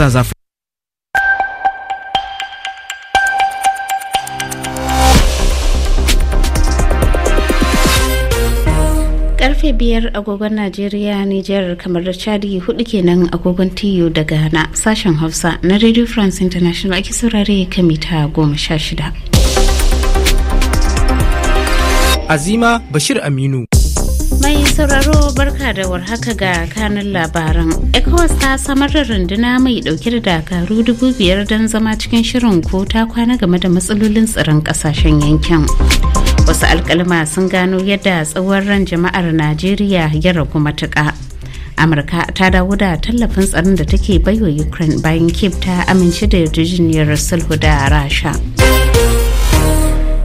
saa karfe biyar agogon najeriya nijar kamar da chadi hudu kenan agogon tiyo da ghana sashen hausa na radio france international ake saurare kan mita goma sha shida azima bashir aminu Mai sauraro barka da warhaka ga kanun labaran. ECOWAS ta samar da runduna mai dauke da dakaru dubu biyar don zama cikin shirin ko ta kwana game da matsalolin tsaron kasashen yankin. Wasu alkalma sun gano yadda tsawon ran jama'ar Najeriya ya ragu matuka. Amurka ta dawo da tallafin tsaron da take baiwa Ukraine bayan Kiev ta amince da yarjejeniyar sulhu da Rasha.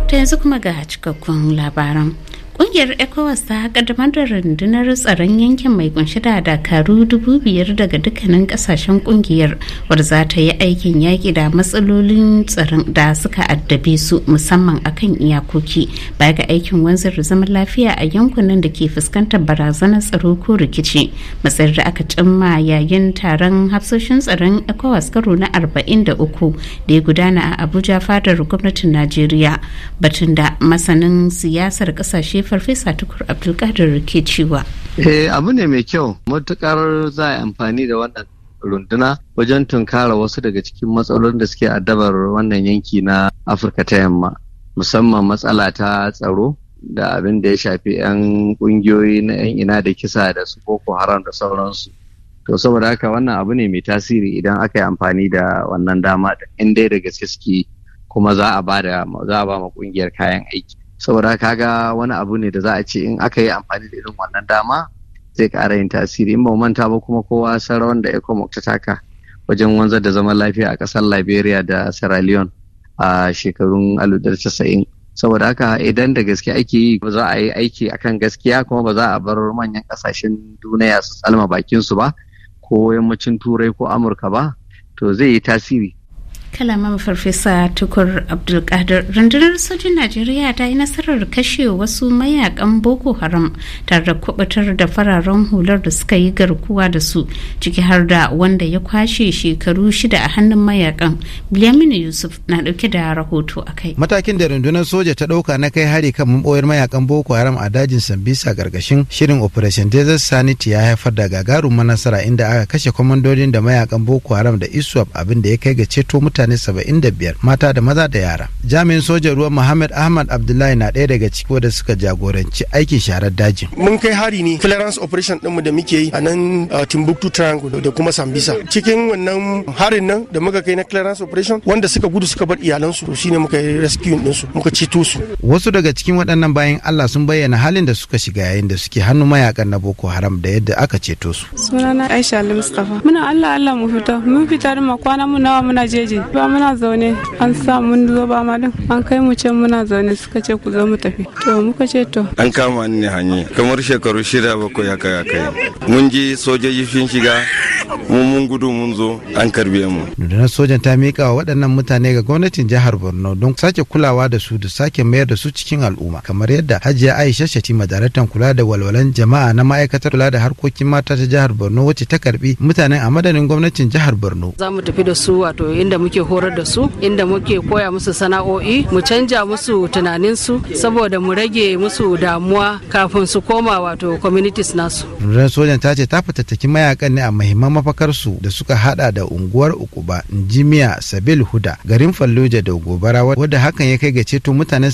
Ta yanzu kuma ga cikakkun labaran. Ƙungiyar ECOWAS ta kaddamar da rundunar tsaron yankin mai kunshi da dakaru dubu biyar daga dukkanin ƙasashen ƙungiyar wadda za ta yi aikin yaƙi da matsalolin tsaron da suka addabe su musamman akan iyakoki baya ga aikin wanzar zaman lafiya a yankunan da ke fuskantar barazanar tsaro ko rikici matsayar da aka cimma yayin taron hafsoshin tsaron ECOWAS karo na arba'in da uku da ya gudana a Abuja fadar gwamnatin Najeriya batun da masanin siyasar ƙasashe farfesa tukur abdulkadir ke cewa eh abu ne mai kyau matukar za a amfani da wannan runduna wajen tunkara wasu daga cikin matsalolin da suke addabar wannan yanki na afirka ta yamma musamman matsala ta tsaro da abin da ya shafi 'yan kungiyoyi na 'yan ina da kisa da su boko haram da sauransu to saboda haka wannan abu ne mai tasiri idan aka yi amfani da wannan dama da dai da gaske suke kuma za a ba ma kungiyar kayan aiki saboda kaga wani abu ne da za a ce in aka yi amfani da irin wannan dama zai kara yin tasiri in ba manta ba kuma kowa sarawan da ecomoc ta taka wajen wanzar da zaman lafiya a ƙasar liberia da sierra leone a shekarun 1990 saboda haka idan da gaske ake yi ba za a yi aiki akan gaskiya kuma ba za a bar manyan ƙasashen duniya su tsalma bakin su ba ko yammacin turai ko amurka ba to zai yi tasiri kalaman farfesa tukur abdulkadir rundunar sojin najeriya ta yi nasarar kashe wasu mayakan boko haram tare da kubutar da fararen hular da suka yi garkuwa da su ciki har da wanda ya kwashe shekaru shida a hannun mayakan bilaminu yusuf na dauke da rahoto a kai matakin da rundunar soja ta dauka na kai hari kan maboyar mayakan boko haram a dajin sambisa gargashin shirin operation desert sanity ya haifar da gagarumar nasara inda aka kashe kwamandodin da mayakan boko haram da iswap abin da ya kai ga ceto mutane mutane 75 mata da maza da yara jami'in sojan ruwan muhammad ahmad abdullahi na ɗaya daga ciki wanda suka jagoranci aikin sharar daji. mun kai hari ne clearance operation ɗinmu da muke yi a nan uh, timbuktu triangle da kuma sambisa cikin wannan harin nan da muka kai na clearance operation wanda suka gudu suka bar iyalansu to shine muka yi rescue su muka ceto su wasu daga cikin waɗannan bayan allah sun bayyana halin da suka shiga yayin da suke hannu mayakan na boko haram da yadda aka ceto su sunana aisha ali Mustafa. muna allah allah mu fita mun fita da makwana mu nawa muna jeje ba muna zaune an sa mun zo ba ma din an kai mu can muna zaune suka ce ku zo mu tafi to muka ce to an kama ni ne hanyar kamar shekaru shida bakwai haka ya kai mun ji sojoji sun shiga mun mun gudu mun zo an karbe mu rundunar sojan ta mika wa waɗannan mutane ga gwamnatin jihar Borno don sake kulawa da su da sake mayar da su cikin al'umma kamar yadda Hajiya Aisha Shatima daraktan kula da walwalan jama'a na ma'aikatar kula da harkokin mata ta jihar Borno wacce ta karbi mutanen a madadin gwamnatin jihar Borno za mu tafi da su wato inda muke horar da su inda muke koya musu sana sana'o'i mu canja musu tunaninsu saboda mu rage musu damuwa kafin su koma wato communities nasu rundunar sojan ta ce ta fatattaki mayakan ne a mahimman mafakarsu da suka hada da unguwar ukuba jimiya sabil huda garin falluja da gobara wadda hakan ya kai ga ceto mutane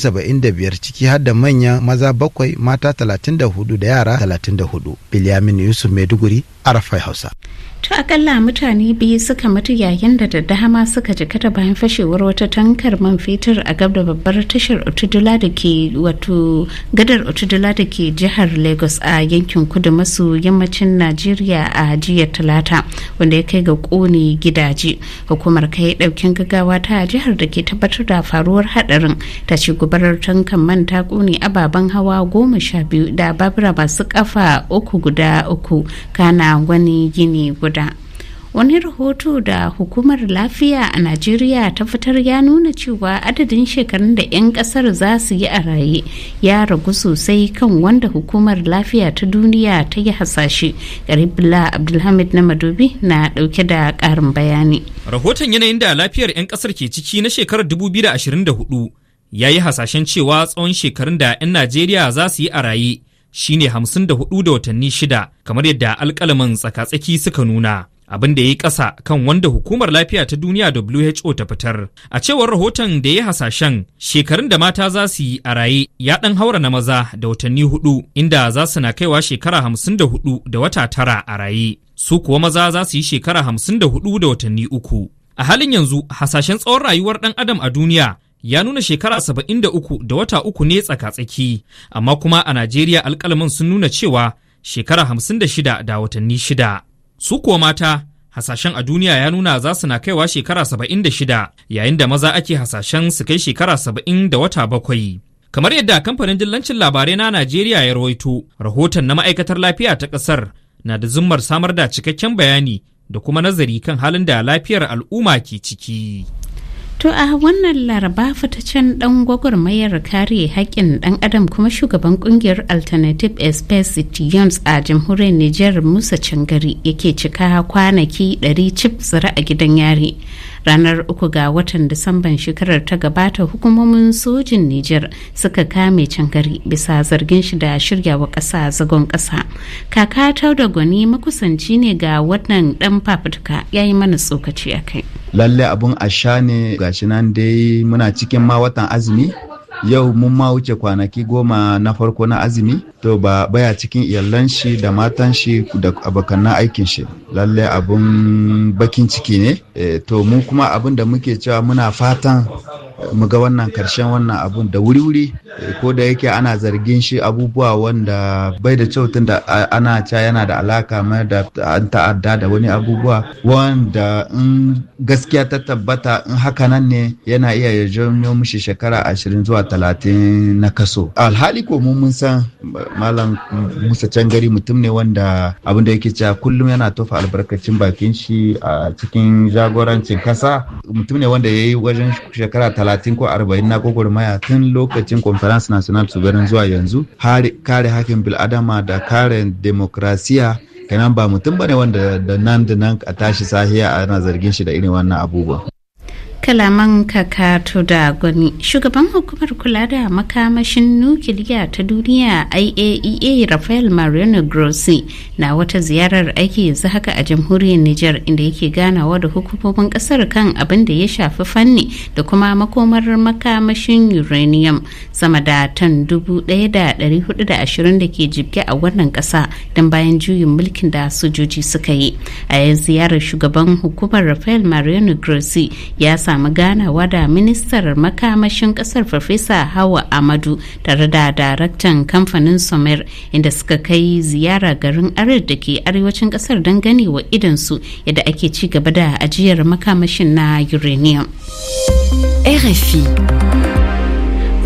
biyar ciki har da manyan maza bakwai mata 34 da yara 34 bilyamin yusuf maiduguri arafai hausa ta akalla mutane biyu suka mutu yayin da da dama suka jikata bayan fashewar wata tankar man fetur a gab da babbar tashar otudula da ke wato gadar otudula da ke jihar lagos a yankin kudu maso yammacin najeriya a jiya talata wanda ya kai ga kone gidaje hukumar kai daukin gaggawa ta jihar da ke tabbatar da faruwar hadarin ta ce gubarar tankan man ta kone ababen hawa goma sha biyu da babura masu kafa uku guda uku kana a wani gini guda wani rahoto da hukumar lafiya a najeriya ta fitar ya nuna cewa adadin shekarun da 'yan kasar za su yi a raye ya ragu sosai kan wanda hukumar lafiya ta duniya ta yi hasashe garibula abdulhamid na madobi na dauke da karin bayani rahoton yanayin da lafiyar 'yan kasar ke ciki na shekarar 2024 ya yi hasashen cewa tsawon shekarun da 'yan najeriya za su yi a raye Shi ne hamsin da hudu da watanni shida kamar yadda alkalamin tsaka-tsaki suka nuna abin da ya yi ƙasa kan wanda hukumar lafiya ta duniya WHO ta fitar. A cewar rahoton da ya hasashen shekarun da mata za su yi a raye ya ɗan haura na maza da watanni hudu inda za su na kaiwa shekara hamsin da hudu da wata tara a raye. Su kuwa maza za su yi shekara hamsin da hudu da watanni uku. A halin yanzu hasashen tsawon rayuwar ɗan adam a duniya ya nuna shekara saba'in da uku da wata uku ne tsaka-tsaki amma kuma a najeriya alkalamin sun nuna cewa shekara hamsin da shida da watanni shida su kuwa mata hasashen a duniya ya nuna za su na kaiwa shekara saba'in da shida yayin da maza ake hasashen su kai shekara saba'in da wata bakwai kamar yadda kamfanin dillancin labarai na najeriya ya rawaito rahoton na ma'aikatar lafiya ta ƙasar na da zummar samar da cikakken bayani da kuma nazari kan halin da lafiyar al'umma ke ciki To a wannan laraba fitaccen dan gwagwarmayar kare haƙƙin dan adam kuma shugaban kungiyar Alternative Space James a jamhuriyar Nijar Musa Cangari yake cika kwanaki 100 cif tsira a gidan yari. ranar uku ga watan disamban shekarar ta gabata hukumomin sojin niger suka kame cangari bisa zargin shi da shirya wa kasa zagon kasa kaka da gwani makusanci ne ga wannan dan fafutuka ya yi mana tsokaci a kai lalle abun asha ne gashi nan dai muna cikin ma watan azumi yau mun ma wuce kwanaki goma na farko na azumi to ba baya cikin iyalan shi da matan shi da abokanan aikin shi lalle abun bakin ciki ne eh, to mu kuma abin da muke cewa muna fatan Muga wannan karshen wannan abun da wuri-wuri eh, ko da yake ana zargin shi abubuwa wanda bai da kyau da ana ca yana da alaka mai da an ta'adda da wani abubuwa wanda in gaskiya ta tabbata in haka nan ne yana iya ya janyo mushi shekara ashirin zuwa talatin na kaso alhali ko mun san malam musa cangari mutum ne wanda abin da yake cewa kullum yana tofa albarkacin bakin shi a cikin jagorancin kasa mutum ne wanda ya yi wajen shekara talatin 30 ko arba'in na gwagwarmaya tun lokacin conference national sovereign zuwa yanzu kare hakin bil'adama da kare demokrasiya kenan ba mutum bane wanda da nan da nan a tashi sahiya ana zargin shi da irin wannan abubuwa kalaman kakato da gwani shugaban hukumar kula da makamashin nukiliya ta duniya iaea e rafael mariano grossi na wata ziyarar aiki yanzu haka a jamhuriyar niger inda yake ganawa da hukumomin kasar kan abin da ya shafi fanni da kuma makomar makamashin uranium sama da tan 1420 da ke jibge a wannan kasa don bayan juyin mulkin da sojoji suka yi a ziyarar shugaban hukumar rafael mariano grossi ya samu ganawa da ministar makamashin kasar farfesa hawa amadu tare da daraktan kamfanin somer inda suka kai ziyara garin arewa da ke arewacin kasar don wa idansu yadda ake ci gaba da ajiyar makamashin na uranium. RFI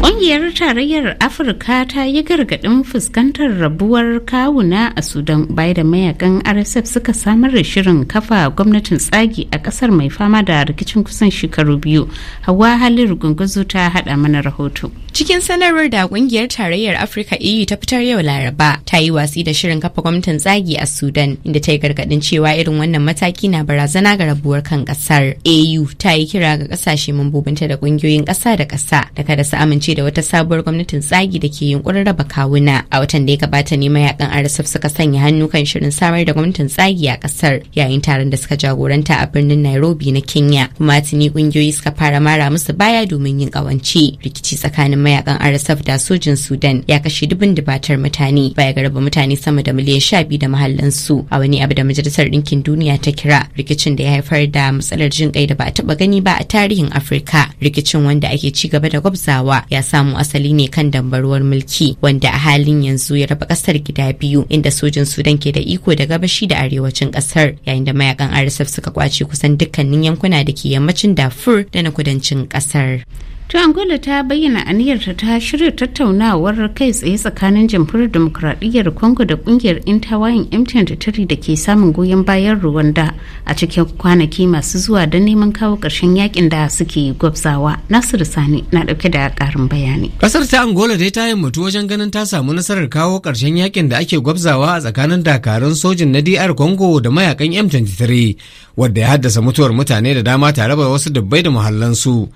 Ƙungiyar Tarayyar Afirka ta yi gargaɗin fuskantar rabuwar kawuna a Sudan bai da mayakan RSF suka samar da shirin kafa gwamnatin tsagi a ƙasar mai fama da rikicin kusan shekaru biyu. Hawa halin gunguzu ta haɗa mana rahoto. Cikin sanarwar da ƙungiyar Tarayyar Afirka EU ta fitar yau Laraba ta yi watsi da shirin kafa gwamnatin tsagi a Sudan inda ta yi gargaɗin cewa irin wannan mataki na barazana ga rabuwar kan ƙasar. AU e ta yi kira ga ƙasashe mambobinta da ƙungiyoyin ƙasa da ƙasa da kada su amince da wata sabuwar gwamnatin tsagi da ke yunkurin raba kawuna a watan da ya gabata ne mayakan RSF suka sanya hannu kan shirin samar da gwamnatin tsagi a kasar yayin taron da suka jagoranta a birnin Nairobi na Kenya kuma tuni kungiyoyi suka fara mara musu baya domin yin kawance rikici tsakanin mayakan RSF da sojin Sudan ya kashe dubin dubatar mutane baya ga raba mutane sama da miliyan sha biyu da su a wani abu da majalisar ɗinkin duniya ta kira rikicin da ya haifar da matsalar jin kai da ba a taba gani ba a tarihin Afirka rikicin wanda ake ci gaba da gwabzawa ya samu asali ne kan dambaruwar mulki wanda a halin yanzu ya raba kasar gida biyu inda sojin Sudan ke da iko da gabashi da arewacin kasar yayin da mayakan RSF suka kwace kusan dukkanin yankuna da ke yammacin dafur da na kudancin kasar. ta angola ta bayyana aniyarta ta shirya tattaunawar kai tsaye tsakanin jamhuriyar demokradiyyar congo da kungiyar intawayin m23 da ke samun goyon bayan rwanda a cikin kwanaki masu zuwa don neman kawo ƙarshen yakin da suke gwabzawa nasiru sani na ɗauke da ƙarin bayani ƙasar ta angola dai ta mutu wajen ganin ta samu nasarar kawo ƙarshen yakin da ake gwabzawa a tsakanin dakarun sojin na dr congo da mayakan m23 wadda ya haddasa mutuwar mutane da dama tare da wasu dubbai da muhallansu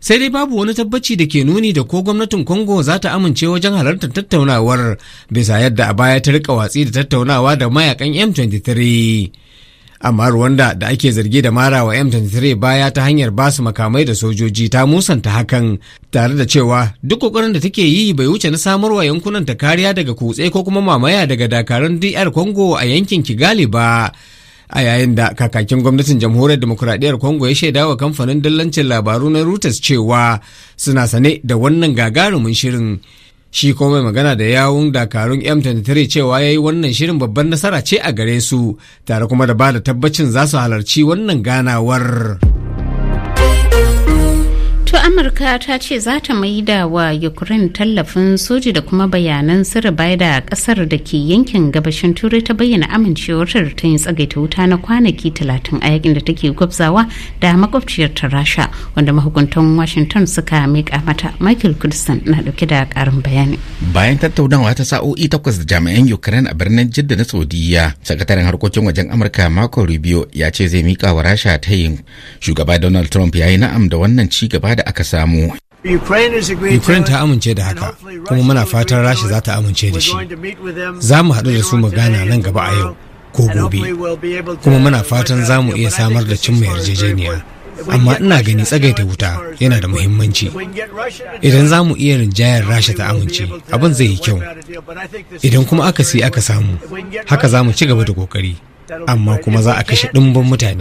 sai dai babu wani tabbaci da ke nuni da ko gwamnatin congo za ta amince wajen halartar tattaunawar bisa yadda a baya ta rika watsi da tattaunawa da mayakan m23 amma rwanda da ake zargi da mara wa m23 baya ta hanyar basu makamai da sojoji ta musanta hakan tare da cewa duk kokarin da take yi bai wuce na samarwa yankunan ta kariya daga kutse ko kuma mamaya daga dakarun dr congo a yankin kigali ba a yayin da kakakin gwamnatin jamhuriyar demokuraɗiyyar congo ya shaida wa kamfanin dallancin labaru na reuters cewa suna sane da wannan gagarumin shirin shi kuma mai magana da yawun dakarun m23 cewa ya yi wannan shirin babban nasara ce a gare su tare kuma da ba da tabbacin za su halarci wannan ganawar. amurka ta ce za ta maida wa ukraine tallafin soji da kuma bayanan sirri bai da kasar da ke yankin gabashin turai ta bayyana amincewar ta yin tsagaita wuta na kwanaki talatin a yakin da take gwabzawa da makwabciyar ta rasha wanda mahukuntan washington suka mika mata michael kudston na dauke da karin bayani bayan tattaunawa ta sa'o'i takwas da jami'an ukraine a birnin jidda na saudiya sakataren harkokin wajen amurka marco rubio ya ce zai mika wa rasha ta yin shugaba donald trump ya yi na'am da wannan ci gaba da aka samu Ukraine ta amince da haka kuma muna fatan Rasha za ta amince da shi. Za mu haɗu da su magana nan gaba a yau ko gobe kuma muna fatan za mu iya samar da cimma yarjejeniya. Amma ina gani tsagaita wuta yana da muhimmanci. Idan za mu iya rinjayar Rasha ta amince abin zai yi kyau. Idan kuma aka si aka samu haka za mu ci gaba da ƙoƙari. amma kuma za a kashe ɗimbin mutane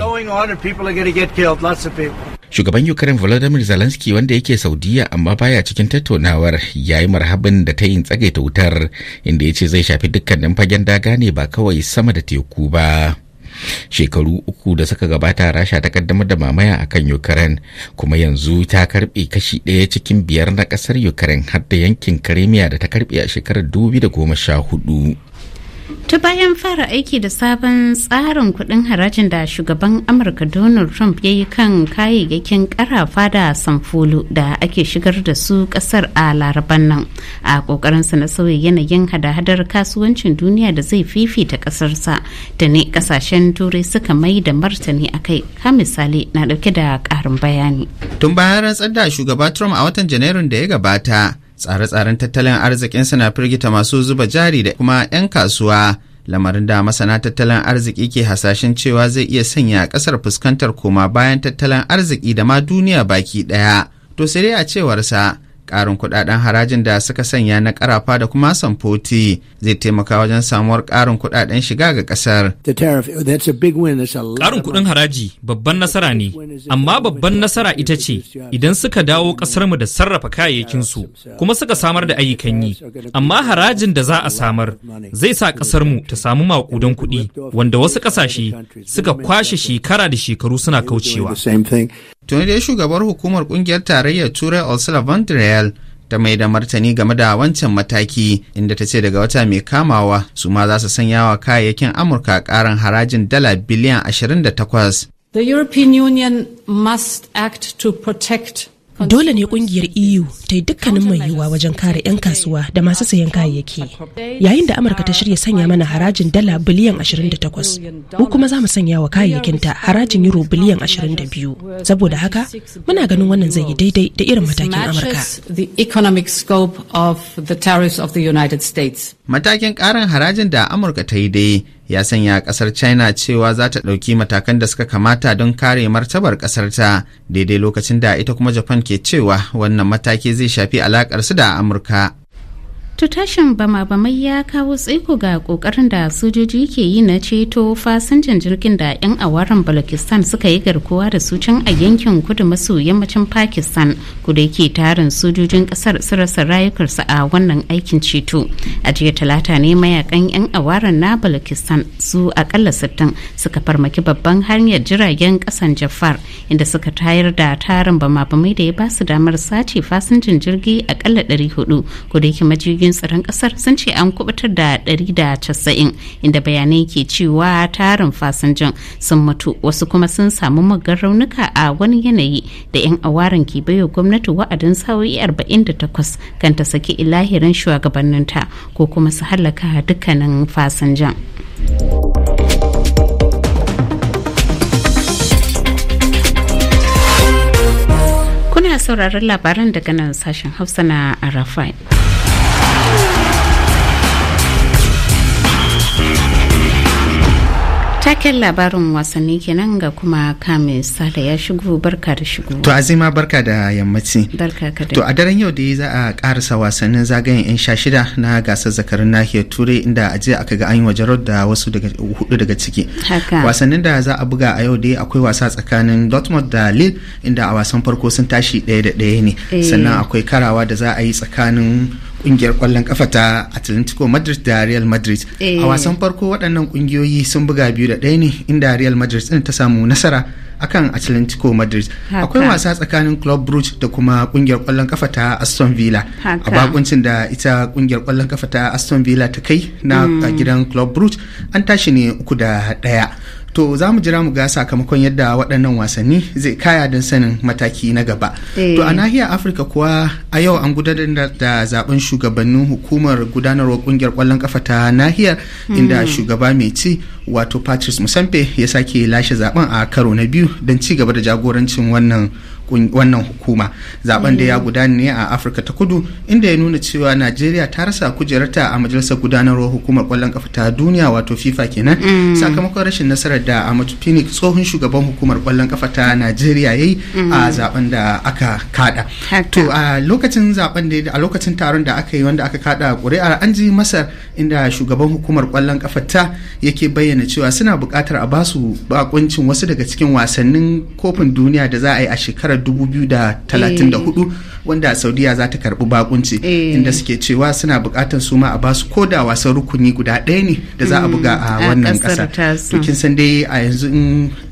shugaban ukraine volodymyr zelensky wanda yake saudiya amma baya cikin tattaunawar ya yi marhabin da ta yin tsagaita wutar inda ya ce zai shafi dukkanin fagen daga ne ba kawai sama da teku ba shekaru uku da suka gabata rasha ta kaddamar da mamaya a kan ukraine kuma yanzu ta karbe kashi ɗaya cikin biyar na ƙasar ukraine har da yankin kremia da ta karbe a shekarar 2014 ta bayan fara aiki da sabon tsarin kudin harajin da shugaban amurka donald trump ya yi kan kayayyakin karafa da samfulu da ake shigar da su kasar a laraban nan a kokarinsa na sauya yanayin hada-hadar kasuwancin duniya da zai fifita kasarsa da ne kasashen turai suka mai da martani a kai ka misali na dauke da karin bayani tun bayan rantsar da shugaba trump a watan janairun da ya gabata tsare-tsaren tattalin arzikin su na firgita masu zuba jari da kuma 'yan kasuwa lamarin da masana tattalin arziki ke hasashen cewa zai iya sanya kasar fuskantar koma bayan tattalin arziki da ma duniya baki daya to sai a cewarsa ƙarin kuɗaɗen harajin da suka sanya na ƙarafa da kuma samfoti zai taimaka wajen samuwar ƙarin kuɗaɗen shiga ga ƙasar. Ƙarin kuɗin haraji babban nasara ne, amma babban nasara ita ce idan suka dawo ƙasarmu da sarrafa kayayyakinsu kuma suka samar da ayyukan yi. Amma harajin da za a samar zai sa ƙasarmu ta samu maƙudan kuɗi wanda wasu ƙasashe suka kwashe shekara da shekaru suna kaucewa. tuni dai shugabar hukumar kungiyar tarayyar turai ursula von der leyen ta mai da martani game da wancan mataki inda ta ce daga wata mai kamawa su ma za su sanya wa kayayyakin amurka karin harajin dala biliyan 28 The European Union must act to protect Dole ne kungiyar EU ta yi dukkanin mai yiwuwa wajen kare 'yan kasuwa da masu sayan kayayyaki. Yayin da Amurka ta shirya sanya mana harajin dala biliyan 28, mu kuma za mu sanya wa kayayyakinta harajin euro biliyan 22. Saboda haka, muna ganin wannan zai yi daidai da irin matakin Amurka. Matakin ƙarin harajin da Amurka ta yi dai ya sanya kasar china cewa za ta ɗauki matakan da suka kamata don kare martabar kasar ta daidai lokacin da ita kuma japan ke cewa wannan mataki zai shafi alakar su da amurka to tashin bama ya kawo tsaiko ga kokarin da sojoji ke yi na ceto fasinjin jirgin da 'yan awaran balakistan suka yi garkuwa da su can a yankin kudu maso yammacin pakistan kuda yake tarin sojojin kasar su rasa rayukarsu a wannan aikin ceto a jiya talata ne mayakan 'yan awaran na balakistan su akalla 60 suka farmaki babban hanyar jiragen kasan jafar inda suka tayar da tarin bama da ya ba su damar sace fasinjin jirgi akalla 400 kuda yake majigin jami'an tsaron kasar sun ce an kubutar da 190 inda bayanai ke cewa tarin fasinjan sun mutu wasu kuma sun samu muggan raunuka a wani yanayi da 'yan awarin ke baiwa gwamnati wa'adin sa'o'i 48 kan ta saki ilahirin ta ko kuma su halaka dukkanin fasinjan. Kuna sauraron labaran daga nan sashen Hausa na Arafai. taken labarin wasanni kenan ga kuma kame sale ya shigo barka da shigo to azima barka da yammaci barka ka to a daren yau da za a karasa wasannin zagayen yan sha shida na gasar zakarin nahiyar turai inda a jiya aka ga an yi wa da wasu hudu daga ciki wasannin da za a buga a yau dai akwai wasa tsakanin dortmund da lille inda a wasan farko sun tashi ɗaya da ɗaya ne eh. sannan akwai karawa da za a yi tsakanin kungiyar kwallon kafa ta atlantico madrid da real madrid a eh. wasan farko waɗannan kungiyoyi sun buga biyu da ɗaya ne inda real madrid ɗin ta samu nasara akan atlantico madrid akwai wasa tsakanin club brugge da kuma kungiyar kwallon kafa ta aston villa a bakuncin da ita kungiyar kwallon kafa ta aston villa ta kai na mm. gidan club brugge an tashi ne uku da ɗaya to za mu jira mu ga sakamakon yadda waɗannan wasanni zai kaya don sanin mataki na gaba to a eh. nahiyar afirka kuwa a yau an gudanar da zaben shugabannin hukumar gudanarwa ƙungiyar kwallon kafa ta nahiyar inda hmm. shugaba mai ci wato patrice musampe ya sake lashe zaben a karo na biyu don ci gaba da jagorancin wannan wannan hukuma zaben da ya mm. gudana ne a afirka ta kudu inda ya nuna cewa najeriya ta rasa kujerarta a majalisar gudanarwar hukumar kwallon kafa ta duniya wato fifa kenan mm. sakamakon rashin nasarar da amadu phoenix tsohon shugaban hukumar kwallon kafa ta najeriya ya yi mm. a zaben da aka kada to a lokacin zaben da a lokacin taron da aka yi wanda aka kada kuri'ar an ji masar inda shugaban hukumar kwallon kafa ta yake bayyana cewa suna buƙatar a basu bakuncin wasu daga cikin wasannin kofin duniya da za a yi a shekarar shekarar 2034 eh. wanda saudiya za ta karbi bakunci eh. inda suke cewa suna bukatar su ma a basu ko da wasan rukuni guda ɗaya ne da za a mm. buga a wannan kasar to kin san dai a yanzu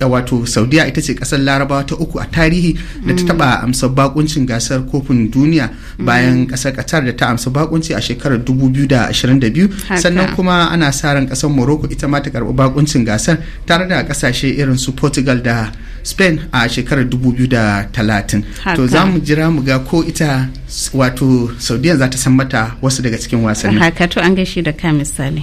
wato saudiya ita ce kasar larabawa ta uku a tarihi da ta mm. taba amsa bakuncin gasar kofin duniya mm. bayan kasar qatar da ta amsa bakunci a shekarar 2022 sannan kuma ana sa ran kasar morocco ita ma ta karbi bakuncin gasar tare da kasashe irin su portugal da spain a shekarar 2030 to za mu jira mu ga ko ita wato saudiya za ta san mata wasu daga cikin wasanni haka to an gaishe da ka misali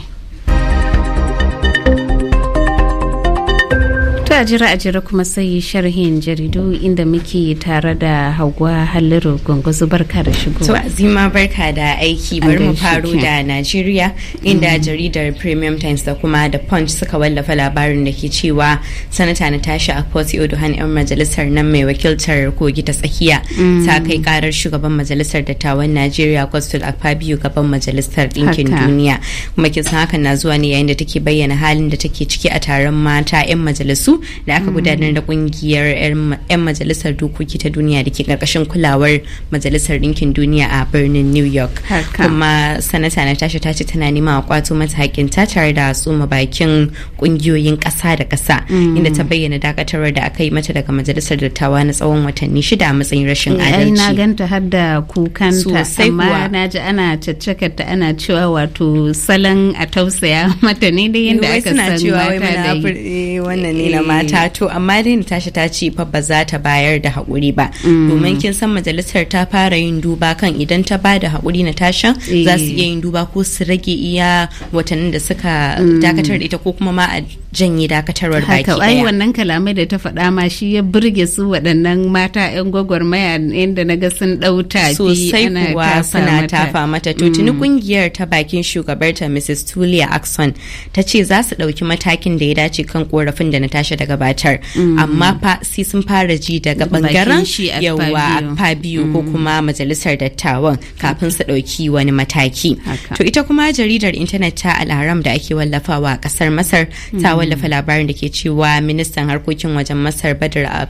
Ta a jira a jira kuma sai sharhin jaridu inda muke tare da Hauwa Halliru Gunguzu barka da shigo. To Azima barka da aiki bari mu faro da Najeriya inda mm. jaridar Premium Times da kuma da Punch suka wallafa labarin da ke cewa sanata na tashi Natasha Akpoti han yan majalisar nan mai wakiltar kogi ta tsakiya mm. ta kai karar shugaban majalisar dattawan Najeriya a Akpabio gaban majalisar ɗinkin duniya. Kuma kin san hakan na zuwa ne yayin da take bayyana halin da take ciki a taron mata yan majalisu da aka hmm. gudanar da kungiyar 'yan majalisar dokoki ta duniya da ke karkashin kulawar majalisar ɗinkin duniya a birnin new york kuma sanata na tashi ta ce tana nema a kwato mata hakin ta tare da tsoma bakin kungiyoyin kasa da ƙasa hmm. inda ta bayyana dakatarwar da aka yi mata daga majalisar dattawa na tsawon watanni shida a matsayin rashin eh, adalci. na ganta har da kukanta amma na ji ana ana cewa wato salon a tausaya mata ne da yadda eh, aka san mata da yi. Eh, wannan ne na mata to amma dai Natasha ta ce fa ba za ta bayar da haƙuri ba mm. domin kin san majalisar ta fara yin duba kan idan ta ba da haƙuri Natasha eh. za su iya yin duba ko su rage iya watannin da suka mm. dakatar da ita ko kuma ma a janye dakatarwar baki daya. Haka wannan kalamai da ta faɗa ma shi ya burge su waɗannan mata 'yan gwagwarmaya inda na ga sun ɗau tafi sosai kuwa suna tafa mata to tuni kungiyar mm. ta bakin shugabarta Mrs. Tulia Axon ta ce za su ɗauki matakin da ya dace kan korafin da Natasha da gabatar mm. amma fa sai sun fara ji daga bangaren yawa fa biyu ko mm. kuma majalisar dattawan kafin su ɗauki wani mataki to ita kuma jaridar intanet ta al'aram da ake wallafawa a ƙasar masar ta mm. wallafa labarin da ke cewa ministan harkokin wajen masar badar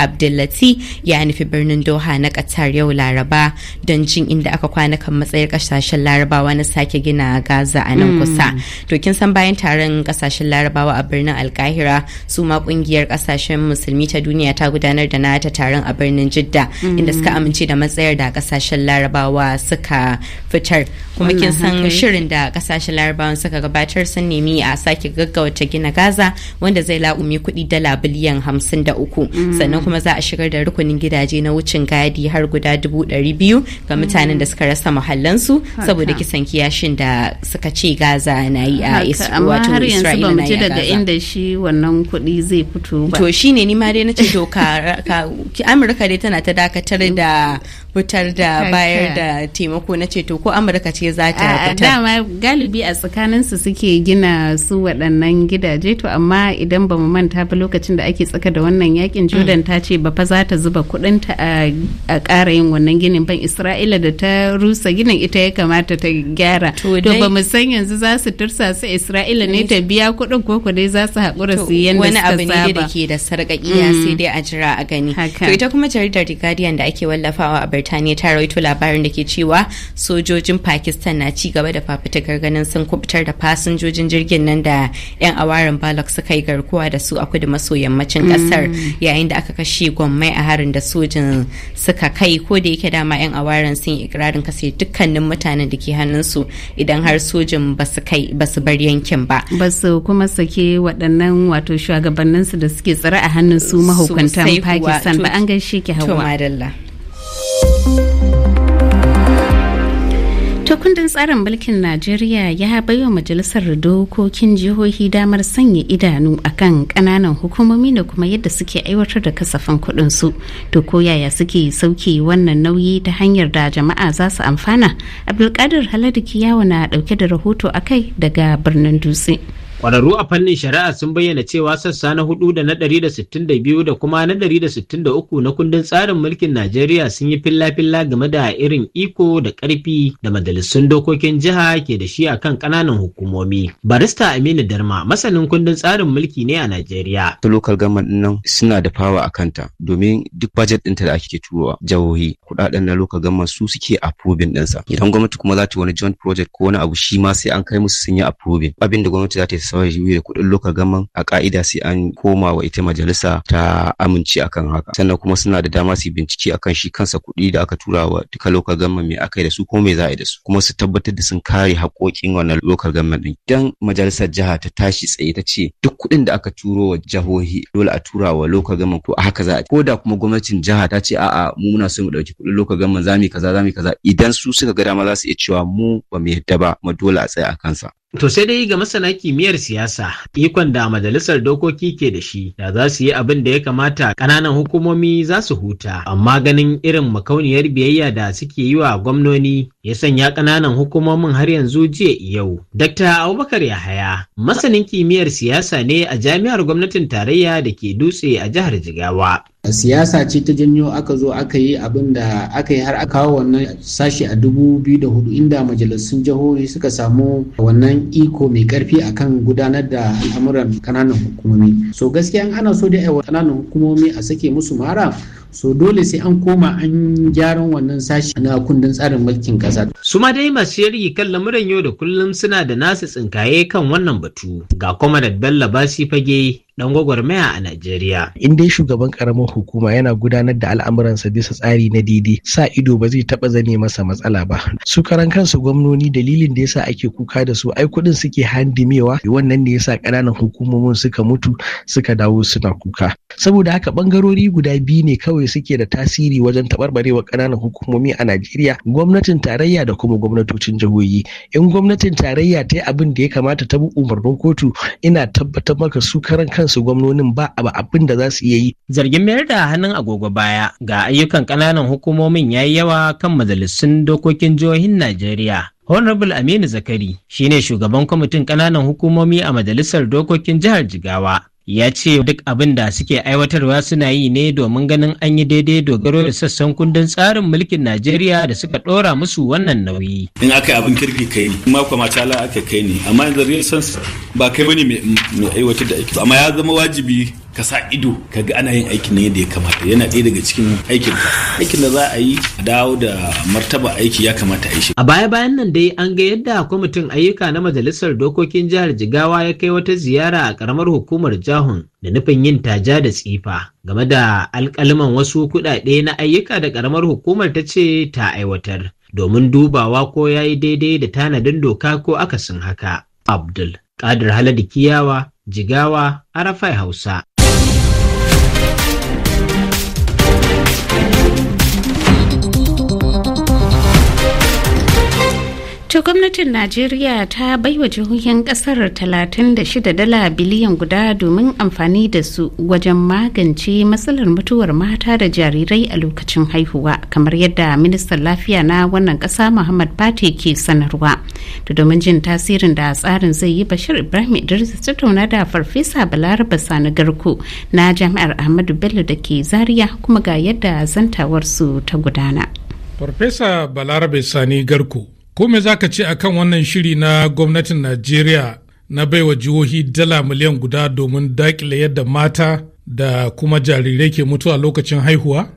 Abdullati ya nufi birnin Doha na Qatar yau Laraba don jin inda aka kwana kan matsayar kasashen Larabawa na sake gina Gaza a nan hmm. kusa. To kin san bayan taron kasashen Larabawa a birnin Alkahira su ma kungiyar kasashen musulmi ta duniya ta gudanar da nata taron a birnin Jidda hmm. inda suka amince da matsayar da kasashen Larabawa suka fitar. Kuma kin hmm. san shirin da kasashen Larabawa suka gabatar sun nemi a sake ta gina Gaza wanda zai la'umi kuɗi dala biliyan hamsin da uku. Sannan kuma za a shigar da rukunin gidaje na wucin gadi har guda dubu ɗari biyu ga mutanen da suka rasa mahallansu saboda kisan kiyashin da suka ce gaza na yi a wato isra'ila na yi a daga inda shi wannan kuɗi zai fito ba to shine ni ma dai na ce to amurka dai tana ta dakatar da fitar da bayar da taimako na ceto ko amurka ce za ta fitar dama galibi a tsakaninsu suke gina su waɗannan gidaje to amma idan ba mu manta ba lokacin da ake tsaka da wannan yakin mm. jordan ta ce ba fa za ta zuba kudinta a ƙara yin wannan ginin ban isra'ila da ta rusa ginin ita ya kamata ta gyara to ba mu san yanzu za su tursa su isra'ila ne ta biya kuɗin ko ku dai za su haƙura su yi yanda wani abu ne da ke da sarƙaƙiya mm. sai dai a jira a gani to ita kuma jaridar the guardian da ake wallafawa a birtaniya ta rawaito labarin da ke cewa sojojin pakistan na ci gaba da fafutukar ganin sun kubutar da fasinjojin jirgin nan da yan awarin balak suka yi garkuwa da su a kudu maso yammacin kasar mm. yayin da aka kashe shi gwammai a harin da sojin suka kai ko da yake dama 'yan awaren sun yi ikirarin kasa dukkanin mutanen da ke hannunsu idan har sojin ba su bar yankin ba ba su kuma sake waɗannan wato shugabanninsu da suke tsare a hannun su mahukuntan pakistan ba an gaishe ke hawa To kundin tsarin mulkin Najeriya ya baiwa majalisar dokokin jihohi damar sanya idanu akan kananan hukumomi da kuma yadda suke aiwatar da kasafin kuɗin su. To ko yaya suke sauke wannan nauyi ta hanyar da jama'a za su amfana? Abdulkadir Haladu Kiyawa na ɗauke da rahoto akai daga birnin Dutse. Kwararru a fannin shari'a sun bayyana cewa sassa na hudu da na 162 da kuma na 163 na kundin tsarin mulkin Najeriya sun yi filla-filla game da irin iko da ƙarfi da majalisun dokokin jiha ke da shi akan ƙananan hukumomi. Barista Aminu Darma masanin kundin tsarin mulki ne a Najeriya. Ta lokal gama nan suna da fawa a kanta domin duk bajet ɗinta da ake turowa jihohi kuɗaɗen na lokal gama su suke approving ɗinsa. Idan gwamnati kuma za ta wani joint project ko wani abu shi ma sai an kai musu sun yi approving. Abin da gwamnati za ta sauyi da kuɗin loka gaman a ka'ida sai an koma wa ita majalisa ta amince akan haka sannan kuma suna da dama su bincike akan shi kansa kuɗi da aka tura wa duka lokal gaman me aka yi da su ko me za a yi da su kuma su tabbatar da sun kare haƙoƙin wannan lokal gaman din idan majalisar jiha ta tashi tsaye ta ce duk kuɗin da aka turo wa jihohi dole a tura wa lokal gaman ko a haka za a ko da kuma gwamnatin jiha ta ce a'a mu muna son mu ɗauki kuɗin lokal gaman za mu kaza za mu kaza idan su suka ga dama za su iya cewa mu ba mu yadda ba mu dole a tsaya a kansa To sai dai ga masana kimiyyar siyasa ikon da majalisar dokoki ke da shi da za su yi abin da ya kamata ƙananan hukumomi za su huta amma ganin irin makauniyar biyayya da suke yi wa gwamnoni ya sanya ƙananan hukumomin har yanzu jiya yau. Dr. Abubakar Yahaya masanin kimiyyar siyasa ne a jami'ar gwamnatin tarayya da ke dutse a jihar Jigawa. siyasa ce ta janyo aka zo aka yi abin da aka yi har aka kawo wannan sashi a dubu biyu da hudu inda majalisun jihohi suka samu wannan iko mai karfi akan gudanar da al'amuran kananan hukumomi so gaskiya ana so da kananan hukumomi a sake musu mara so dole sai an koma an gyaran wannan sashi na kundin tsarin mulkin kasa su ma dai masu yarki kan lamuran yau da kullum suna da nasu tsinkaye kan wannan batu ga comrade bello basi fage dan gwagwarmaya a Najeriya. In dai shugaban karamar hukuma yana gudanar da al'amuransa bisa tsari na daidai, sa ido ba zai taba zane masa matsala ba. Su karan kansu gwamnoni dalilin da yasa ake kuka da su ai kuɗin suke handimewa wannan ne yasa kananan hukumomin suka mutu suka dawo suna kuka. saboda haka bangarori guda biyu ne kawai suke da tasiri wajen tabarbarewa ƙananan hukumomi a Najeriya gwamnatin tarayya da kuma gwamnatocin jihohi in gwamnatin tarayya ta yi abin da ya kamata ta bi umarnin kotu ina tabbatar maka su karan kansu gwamnonin ba abin da za su iya yi zargin mayar da hannun agogo baya ga ayyukan ƙananan hukumomin ya yi yawa kan majalisun dokokin jihohin Najeriya Honorable Aminu Zakari shine shugaban kwamitin ƙananan hukumomi a Majalisar Dokokin Jihar Jigawa ya ce duk abin da suke aiwatarwa suna yi ne domin ganin an yi daidai dogaro da sassan kundin tsarin mulkin najeriya da suka ɗora musu wannan nauyi in aka yi abin kirki kai ne kuma kuma cala aka kai ne amma yanzu real sense ba kai bane mai aiwatar da aiki amma ya zama wajibi ka sa ido ka ga ana yin aikin ne yadda ya kamata yana ɗaya daga cikin aikin aikin da za a yi a dawo da martaba aiki ya kamata a yi shi a baya bayan nan dai an ga yadda kwamitin ayyuka na majalisar dokokin jihar jigawa ya kai wata ziyara a karamar hukumar jahun da nufin yin taja da tsifa game da alkaliman wasu kuɗaɗe na ayyuka da karamar hukumar ta ce ta aiwatar domin dubawa ko ya yi daidai da tanadin doka ko akasin haka abdul kadir haladi kiyawa jigawa arafai hausa Gwamnatin Najeriya ta baiwa jihohin kasar 36 dala biliyan guda domin amfani da su wajen magance matsalar mutuwar mata da jarirai a lokacin haihuwa kamar yadda ministan lafiya na wannan kasa Muhammad Bate ke sanarwa. Da domin jin tasirin da tsarin zai yi Bashir Ibrahim Idris ta tauna da Farfesa Balaraba Sani Garko na Jami'ar Ahmadu Bello da ke Zaria kuma ga yadda zantawarsu ta gudana. Farfesa Balarabe Sani Garko Ko me za ka ce a kan wannan shiri na gwamnatin Najeriya na baiwa jihohi dala miliyan guda domin dakile yadda mata da kuma jarirai ke mutuwa lokacin haihuwa?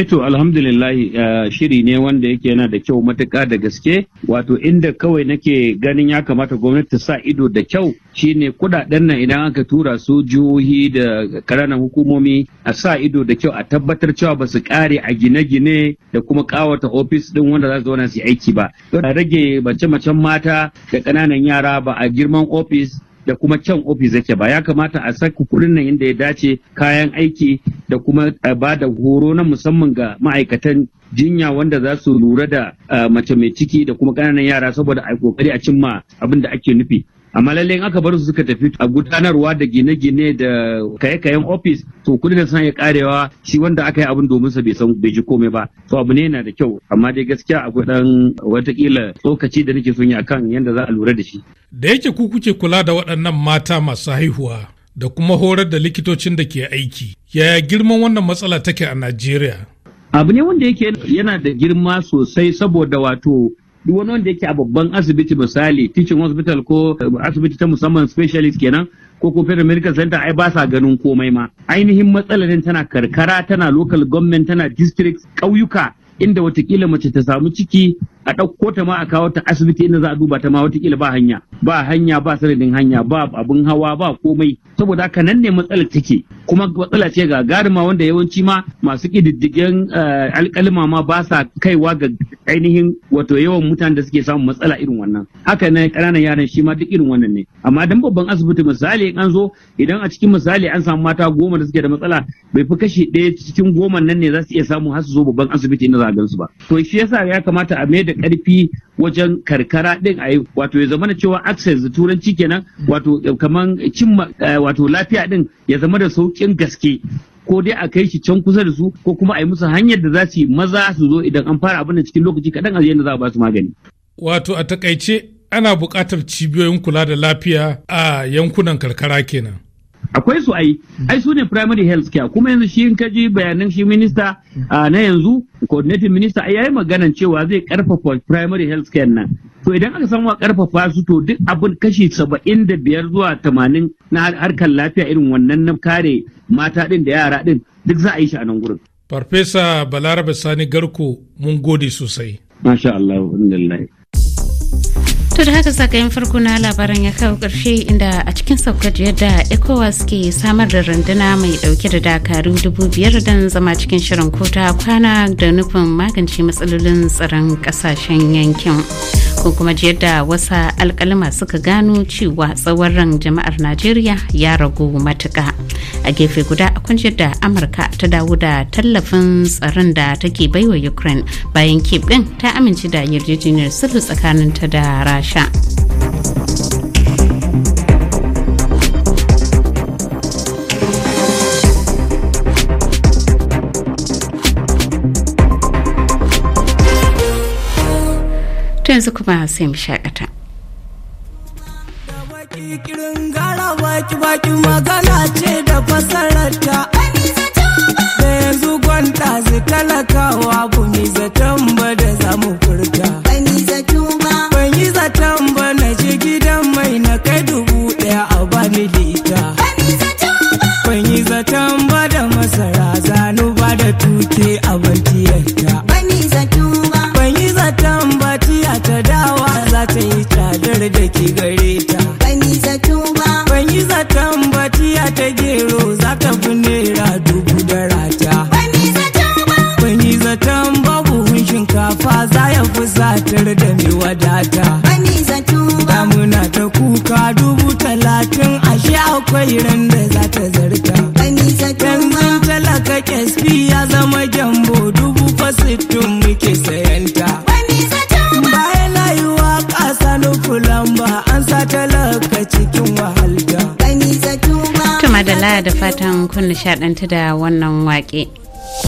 Eto eh alhamdulillahi eh, shiri ne wanda yake yana da kyau matuka da gaske wato inda kawai nake ganin ya kamata gwamnati sa ido da kyau shine kudaden nan idan aka tura su jihohi da ƙananan hukumomi a sa ido da kyau a tabbatar cewa ba su ƙare a gine-gine da kuma ƙawata ofis din wanda za su zauna su yi aiki ba. Don rage mace-macen mata da ƙananan yara ba a girman ofis da kuma can ofis yake ba ya kamata a saka kuɗin nan inda ya dace kayan aiki da kuma eh, ba da horo na musamman ga ma'aikatan jinya wanda za su lura da eh, mace mai ciki da kuma ƙananan yara saboda a kokari a cimma abin da ake nufi amma lalle in aka bar su suka tafi a gudanarwa da gine-gine da kaye-kayen ofis to kudi da suna ya karewa shi wanda aka yi abin domin sa bai san bai ji komai ba to abu ne yana da kyau amma dai gaskiya a dan watakila tsokaci da nake son yi akan yadda za a lura da shi da yake ku kuke kula da waɗannan mata masu haihuwa da kuma horar da likitocin da ke aiki yaya girman wannan matsala take a Najeriya abu ne wanda yake yana da girma sosai saboda wato duk wani wanda yake a babban asibiti misali teaching hospital ko eh, asibiti ta musamman specialist kenan ko ko federal medical center ai ba sa ganin komai ma ainihin matsalar tana karkara tana local government tana district ƙauyuka inda watakila mace ta samu ciki a ɗauko ta ma a kawo ta asibiti inda za a duba ta ma watakila ba hanya ba hanya ba sanadin hanya ba abin hawa ba komai saboda haka nan ne matsalar take kuma matsala ce ga garima wanda yawanci ma masu ƙididdigen eh, alƙalima ma ba sa kaiwa ga ainihin wato yawan mutanen da suke samun matsala irin wannan haka na ƙananan yaran shi ma duk irin wannan ne amma dan babban asibiti misali in an zo idan a cikin misali an samu mata goma da suke da matsala bai fi kashi ɗaya cikin goma nan ne za su iya samu har su zo babban asibiti inda za a gansu ba to shi yasa ya kamata a mai da karfi wajen karkara din a wato ya zama cewa access da turanci kenan wato kamar cimma eh, wato lafiya din ya zama da saukin gaske ko dai a kai shi can kusa da su ko kuma a yi musu hanyar da za su yi maza su zo idan an fara abin da cikin lokaci kaɗan a yadda za a ba su magani. Wato a takaice ana buƙatar cibiyoyin kula da lafiya a yankunan karkara kenan. akwai su ai ai su ne primary health care kuma yanzu shi ka ji bayanan shi minista na yanzu coordinating minister ai yayi magana cewa zai karfafa primary health care nan to idan aka san wa karfafa su to duk abin kashi saba'in da biyar zuwa tamanin na harkar lafiya irin wannan na kare mata din da yara din duk za a yi shi a nan gurin farfesa balarabe sani garko mun gode sosai masha Allah alhamdulillah To da haka zagayen farko na labaran ya kawo ƙarshe inda a cikin saukar yadda ECOWAS ke samar da runduna mai ɗauke da dakaru dubu biyar don zama cikin shirin kota kwana da nufin magance matsalolin tsaron ƙasashen yankin. ko kuma ji yadda wasa alkalima suka gano cewa tsawon ran jama'ar najeriya ya ragu matuka a gefe guda a kun da amurka ta dawo da tallafin tsaron da take baiwa ukraine bayan kip ta amince da yarjejeniyar sulhu tsakaninta da rasha ta yanzu kuma sai mu shakata. Kirin gara baki baki magana ce da fasararta. Da yanzu gwanta zikalakawa bu mi zaton da fatan kun nishadanta da wannan wake.